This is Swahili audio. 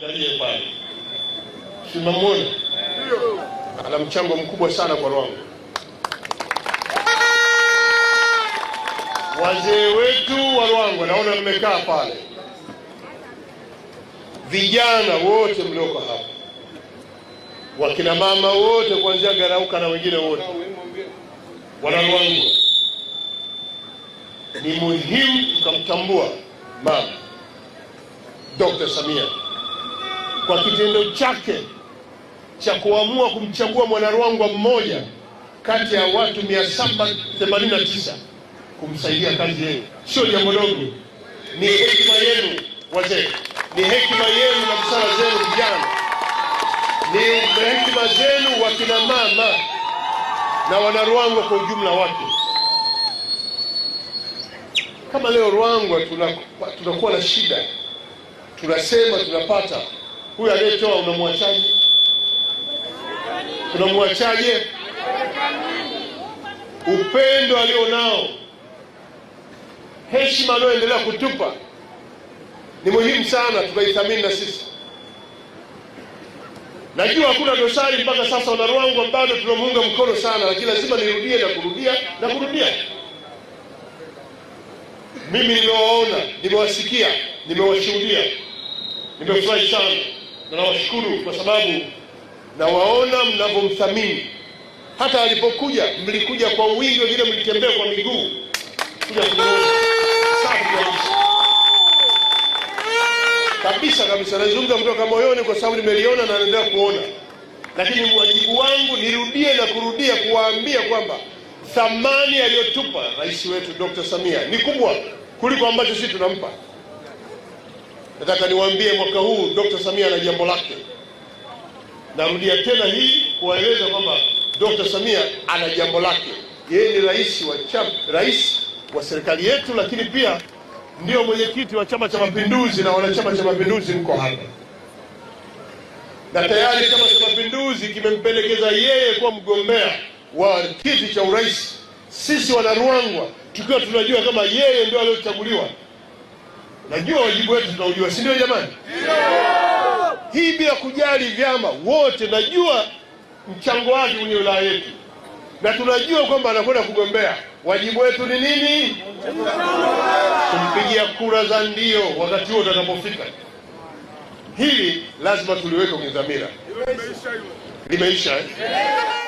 mwangalie pale, simamwona ana mchango mkubwa sana kwa Ruangwa. Wazee wetu wa Ruangwa, naona mmekaa pale, vijana wote mlioko hapa, wakina mama wote kuanzia Garauka na wengine wote, wana Ruangwa, ni muhimu mkamtambua Mama Dr. Samia kwa kitendo chake cha kuamua kumchagua Mwanarwangwa mmoja kati ya watu 789 kumsaidia kazi yenu. Sio jambo dogo, ni hekima yenu wazee, ni hekima yenu na busara zenu vijana, ni hekima zenu wakina mama na Wanarwangwa kwa ujumla wake. Kama leo Rwangwa tunakuwa tuna na shida, tunasema tunapata Huyu aliyetoa unamwachaje? Unamwachaje? Upendo alionao, heshima anayoendelea kutupa ni muhimu sana, tukaithamini na sisi. Najua hakuna dosari mpaka sasa, wana Ruangwa bado tunamuunga mkono sana, lakini lazima nirudie na kurudia na kurudia. Mimi nimewaona, nimewasikia, nimewashuhudia, nimefurahi sana na nawashukuru kwa sababu nawaona mnavyomthamini. Hata alipokuja mlikuja kwa wingi, wengine mlitembea kwa miguu kuja kabisa kabisa, nazungumza kutoka moyoni kwa sababu nimeliona na naendelea kuona, lakini wajibu wangu nirudie na kurudia kuwaambia kwamba thamani aliyotupa rais wetu Dr. Samia ni kubwa kuliko ambacho sisi tunampa. Nataka niwaambie mwaka huu Dr. Samia ana jambo lake. Narudia tena hii kuwaeleza kwamba Dr. Samia ana jambo lake. Yeye ni rais wa chama, rais wa serikali yetu, lakini pia ndio mwenyekiti wa Chama cha Mapinduzi na wanachama cha Mapinduzi mko hapa, na tayari Chama cha Mapinduzi kimempendekeza yeye kuwa mgombea wa kiti cha urais, sisi wana Ruangwa tukiwa tunajua kama yeye ndio aliyochaguliwa najua wajibu wetu tunaujua, si ndio jamani? Hii bila kujali vyama wote, najua mchango wake kwenye wilaya yetu na tunajua kwamba anakwenda kugombea. Wajibu wetu ni nini? Kumpigia kura za ndio wakati huo utakapofika. Hili lazima tuliweke kwenye dhamira. Limeisha, limeisha eh?